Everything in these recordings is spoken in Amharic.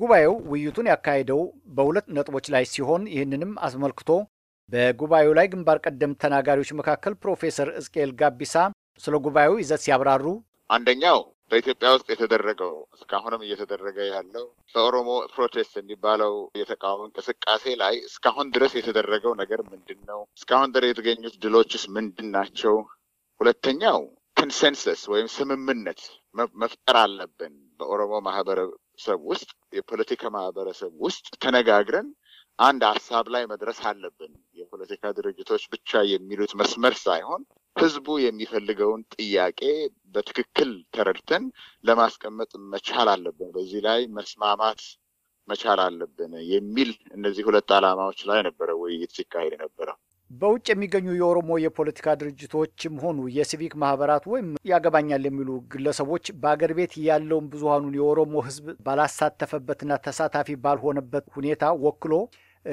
ጉባኤው ውይይቱን ያካሄደው በሁለት ነጥቦች ላይ ሲሆን ይህንንም አስመልክቶ በጉባኤው ላይ ግንባር ቀደም ተናጋሪዎች መካከል ፕሮፌሰር እስቅኤል ጋቢሳ ስለ ጉባኤው ይዘት ሲያብራሩ አንደኛው በኢትዮጵያ ውስጥ የተደረገው እስካሁንም እየተደረገ ያለው በኦሮሞ ፕሮቴስት የሚባለው የተቃውሞ እንቅስቃሴ ላይ እስካሁን ድረስ የተደረገው ነገር ምንድን ነው? እስካሁን ድረስ የተገኙት ድሎችስ ምንድን ናቸው? ሁለተኛው ኮንሰንሰስ ወይም ስምምነት መፍጠር አለብን በኦሮሞ ማህበረ ማህበረሰብ ውስጥ የፖለቲካ ማህበረሰብ ውስጥ ተነጋግረን አንድ ሀሳብ ላይ መድረስ አለብን። የፖለቲካ ድርጅቶች ብቻ የሚሉት መስመር ሳይሆን ህዝቡ የሚፈልገውን ጥያቄ በትክክል ተረድተን ለማስቀመጥ መቻል አለብን። በዚህ ላይ መስማማት መቻል አለብን የሚል እነዚህ ሁለት ዓላማዎች ላይ ነበረ ውይይት ሲካሄድ ነበር። በውጭ የሚገኙ የኦሮሞ የፖለቲካ ድርጅቶችም ሆኑ የሲቪክ ማህበራት ወይም ያገባኛል የሚሉ ግለሰቦች በአገር ቤት ያለውን ብዙሀኑን የኦሮሞ ህዝብ ባላሳተፈበትና ተሳታፊ ባልሆነበት ሁኔታ ወክሎ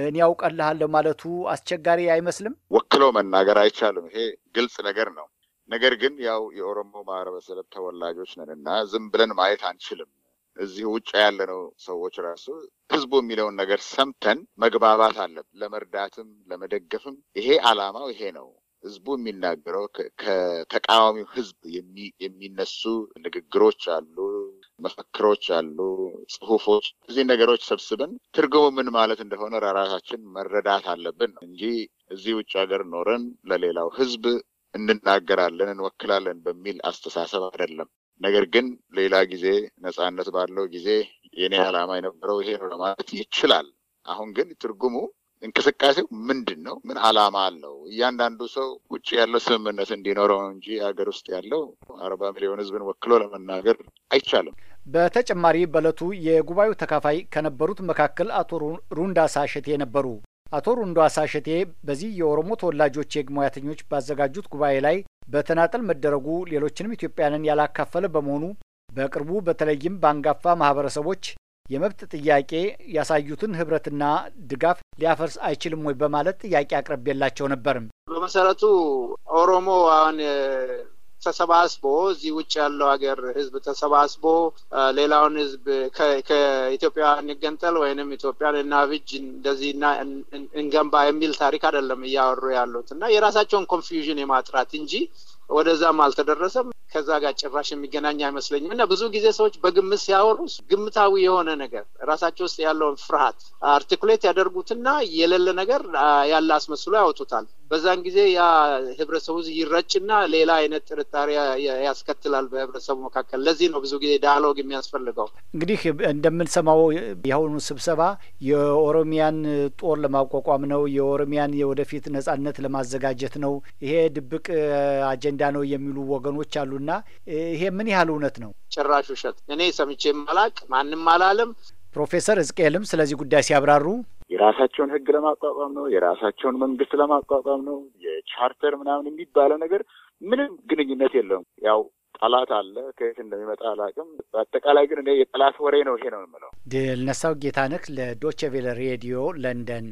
እኔ ያውቀልሃለሁ ማለቱ አስቸጋሪ አይመስልም። ወክሎ መናገር አይቻልም። ይሄ ግልጽ ነገር ነው። ነገር ግን ያው የኦሮሞ ማህበረሰብ ተወላጆች ነን እና ዝም ብለን ማየት አንችልም። እዚህ ውጭ ያለነው ሰዎች ራሱ ህዝቡ የሚለውን ነገር ሰምተን መግባባት አለን። ለመርዳትም ለመደገፍም ይሄ አላማው ይሄ ነው። ህዝቡ የሚናገረው ከተቃዋሚው ህዝብ የሚነሱ ንግግሮች አሉ፣ መፈክሮች አሉ፣ ጽሁፎች። እዚህ ነገሮች ሰብስበን ትርጉሙ ምን ማለት እንደሆነ ራራሳችን መረዳት አለብን እንጂ እዚህ ውጭ ሀገር ኖረን ለሌላው ህዝብ እንናገራለን፣ እንወክላለን በሚል አስተሳሰብ አይደለም። ነገር ግን ሌላ ጊዜ ነፃነት ባለው ጊዜ የኔ ዓላማ የነበረው ይሄ ነው ለማለት ይችላል። አሁን ግን ትርጉሙ እንቅስቃሴው ምንድን ነው? ምን ዓላማ አለው? እያንዳንዱ ሰው ውጭ ያለው ስምምነት እንዲኖረው እንጂ ሀገር ውስጥ ያለው አርባ ሚሊዮን ህዝብን ወክሎ ለመናገር አይቻልም። በተጨማሪ በእለቱ የጉባኤው ተካፋይ ከነበሩት መካከል አቶ ሩንዳሳ እሸቴ ነበሩ። አቶ ሩንዳሳ ሸቴ በዚህ የኦሮሞ ተወላጆች የህግ ሙያተኞች ባዘጋጁት ጉባኤ ላይ በተናጠል መደረጉ ሌሎችንም ኢትዮጵያንን ያላካፈለ በመሆኑ በቅርቡ በተለይም በአንጋፋ ማህበረሰቦች የመብት ጥያቄ ያሳዩትን ህብረትና ድጋፍ ሊያፈርስ አይችልም ወይ በማለት ጥያቄ አቅርቤላቸው ነበርም። በመሰረቱ ኦሮሞ አሁን ተሰባስቦ እዚህ ውጭ ያለው ሀገር ህዝብ ተሰባስቦ ሌላውን ህዝብ ከኢትዮጵያ እንገንጠል ወይንም ኢትዮጵያን እናብጅ እንደዚህ እና እንገንባ የሚል ታሪክ አይደለም እያወሩ ያሉት እና የራሳቸውን ኮንፊውዥን የማጥራት እንጂ ወደዛም አልተደረሰም። ከዛ ጋር ጭራሽ የሚገናኝ አይመስለኝም። እና ብዙ ጊዜ ሰዎች በግምት ሲያወሩ ግምታዊ የሆነ ነገር ራሳቸው ውስጥ ያለውን ፍርሃት አርቲኩሌት ያደርጉትና የሌለ ነገር ያለ አስመስሎ ያወጡታል። በዛን ጊዜ ያ ህብረተሰቡ ይረጭና ሌላ አይነት ጥርጣሬ ያስከትላል በህብረተሰቡ መካከል። ለዚህ ነው ብዙ ጊዜ ዳያሎግ የሚያስፈልገው። እንግዲህ እንደምንሰማው የአሁኑ ስብሰባ የኦሮሚያን ጦር ለማቋቋም ነው፣ የኦሮሚያን የወደፊት ነጻነት ለማዘጋጀት ነው፣ ይሄ ድብቅ አጀንዳ ነው የሚሉ ወገኖች አሉና ይሄ ምን ያህል እውነት ነው? ጭራሽ ውሸት። እኔ ሰምቼ ማላቅ ማንም አላለም። ፕሮፌሰር እዝቅኤልም ስለዚህ ጉዳይ ሲያብራሩ የራሳቸውን ህግ ለማቋቋም ነው፣ የራሳቸውን መንግስት ለማቋቋም ነው። የቻርተር ምናምን የሚባለው ነገር ምንም ግንኙነት የለውም። ያው ጠላት አለ፣ ከየት እንደሚመጣ አላውቅም። በአጠቃላይ ግን እኔ የጠላት ወሬ ነው ይሄ ነው የምለው። ድል ነሳው ጌታነህ ለዶቼ ቬለ ሬዲዮ ለንደን